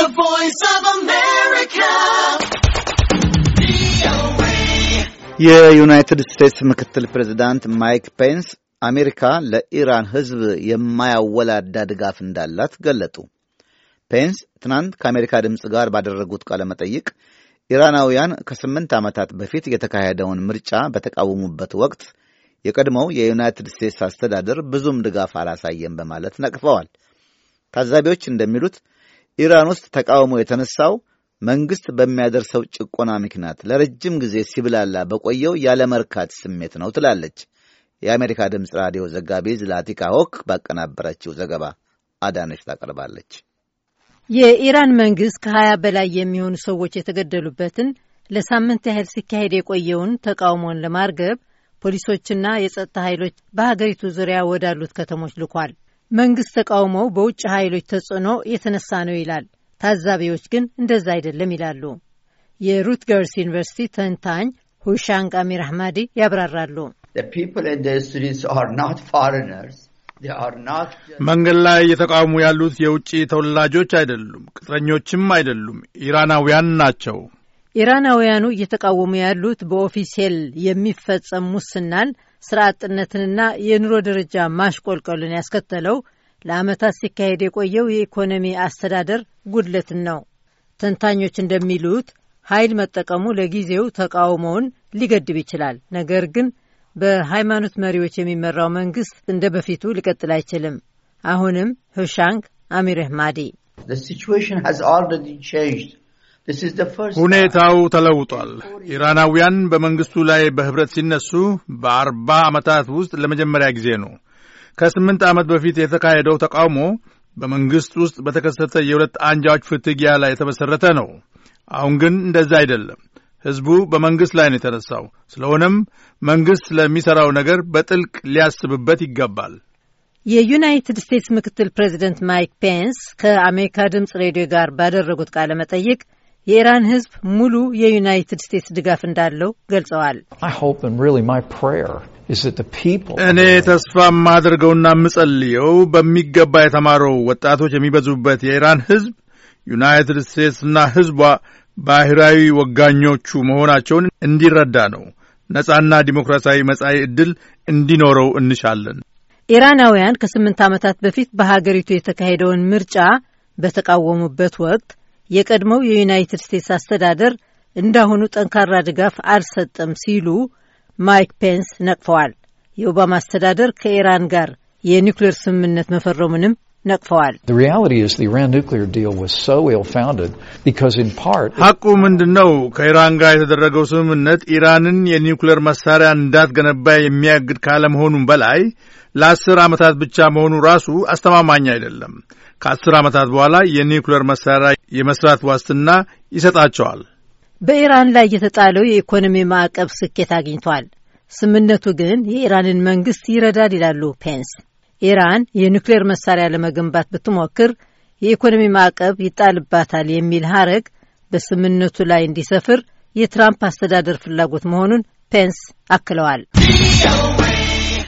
The Voice of America. የዩናይትድ ስቴትስ ምክትል ፕሬዚዳንት ማይክ ፔንስ አሜሪካ ለኢራን ሕዝብ የማያወላዳ ድጋፍ እንዳላት ገለጡ። ፔንስ ትናንት ከአሜሪካ ድምፅ ጋር ባደረጉት ቃለ መጠይቅ ኢራናውያን ከስምንት ዓመታት በፊት የተካሄደውን ምርጫ በተቃወሙበት ወቅት የቀድሞው የዩናይትድ ስቴትስ አስተዳደር ብዙም ድጋፍ አላሳየም በማለት ነቅፈዋል። ታዛቢዎች እንደሚሉት ኢራን ውስጥ ተቃውሞ የተነሳው መንግስት በሚያደርሰው ጭቆና ምክንያት ለረጅም ጊዜ ሲብላላ በቆየው ያለመርካት ስሜት ነው ትላለች የአሜሪካ ድምፅ ራዲዮ ዘጋቢ ዝላቲካ ሆክ ባቀናበረችው ዘገባ አዳነች ታቀርባለች። የኢራን መንግስት ከሀያ በላይ የሚሆኑ ሰዎች የተገደሉበትን ለሳምንት ያህል ሲካሄድ የቆየውን ተቃውሞን ለማርገብ ፖሊሶችና የጸጥታ ኃይሎች በሀገሪቱ ዙሪያ ወዳሉት ከተሞች ልኳል። መንግስት ተቃውሞው በውጭ ኃይሎች ተጽዕኖ የተነሳ ነው ይላል። ታዛቢዎች ግን እንደዛ አይደለም ይላሉ። የሩትገርስ ዩኒቨርሲቲ ተንታኝ ሁሻንግ አሚር አህማዲ ያብራራሉ። መንገድ ላይ የተቃውሙ ያሉት የውጭ ተወላጆች አይደሉም፣ ቅጥረኞችም አይደሉም፣ ኢራናውያን ናቸው። ኢራናውያኑ እየተቃወሙ ያሉት በኦፊሴል የሚፈጸም ሙስናን፣ ስራ አጥነትንና የኑሮ ደረጃ ማሽቆልቆልን ያስከተለው ለአመታት ሲካሄድ የቆየው የኢኮኖሚ አስተዳደር ጉድለትን ነው። ተንታኞች እንደሚሉት ኃይል መጠቀሙ ለጊዜው ተቃውሞውን ሊገድብ ይችላል። ነገር ግን በሃይማኖት መሪዎች የሚመራው መንግስት እንደ በፊቱ ሊቀጥል አይችልም። አሁንም ሁሻንግ አሚር አህማዲ ሁኔታው ተለውጧል። ኢራናውያን በመንግሥቱ ላይ በኅብረት ሲነሱ በአርባ ዓመታት ውስጥ ለመጀመሪያ ጊዜ ነው። ከስምንት ዓመት በፊት የተካሄደው ተቃውሞ በመንግሥት ውስጥ በተከሰተ የሁለት አንጃዎች ፍትጊያ ላይ የተመሠረተ ነው። አሁን ግን እንደዛ አይደለም። ሕዝቡ በመንግሥት ላይ ነው የተነሳው። ስለሆነም መንግሥት ስለሚሠራው ነገር በጥልቅ ሊያስብበት ይገባል። የዩናይትድ ስቴትስ ምክትል ፕሬዚደንት ማይክ ፔንስ ከአሜሪካ ድምፅ ሬዲዮ ጋር ባደረጉት ቃለ መጠይቅ የኢራን ህዝብ ሙሉ የዩናይትድ ስቴትስ ድጋፍ እንዳለው ገልጸዋል። እኔ ተስፋ የማደርገውና የምጸልየው በሚገባ የተማረው ወጣቶች የሚበዙበት የኢራን ህዝብ ዩናይትድ ስቴትስና ህዝቧ ባህራዊ ወጋኞቹ መሆናቸውን እንዲረዳ ነው። ነጻና ዲሞክራሲያዊ መጻኢ ዕድል እንዲኖረው እንሻለን። ኢራናውያን ከስምንት ዓመታት በፊት በሀገሪቱ የተካሄደውን ምርጫ በተቃወሙበት ወቅት የቀድሞው የዩናይትድ ስቴትስ አስተዳደር እንዳሁኑ ጠንካራ ድጋፍ አልሰጠም ሲሉ ማይክ ፔንስ ነቅፈዋል። የኦባማ አስተዳደር ከኢራን ጋር የኒውክሌር ስምምነት መፈረሙንም ነቅፈዋል። ሐቁ ምንድን ነው? ከኢራን ጋር የተደረገው ስምምነት ኢራንን የኒውክሌር መሳሪያ እንዳትገነባ የሚያግድ ካለመሆኑም በላይ ለአስር ዓመታት ብቻ መሆኑ ራሱ አስተማማኝ አይደለም። ከአስር ዓመታት በኋላ የኒውክሌር መሳሪያ የመስራት ዋስትና ይሰጣቸዋል። በኢራን ላይ የተጣለው የኢኮኖሚ ማዕቀብ ስኬት አግኝቷል። ስምምነቱ ግን የኢራንን መንግስት ይረዳል ይላሉ ፔንስ። ኢራን የኒውክሌር መሳሪያ ለመገንባት ብትሞክር የኢኮኖሚ ማዕቀብ ይጣልባታል የሚል ሀረግ በስምምነቱ ላይ እንዲሰፍር የትራምፕ አስተዳደር ፍላጎት መሆኑን ፔንስ አክለዋል።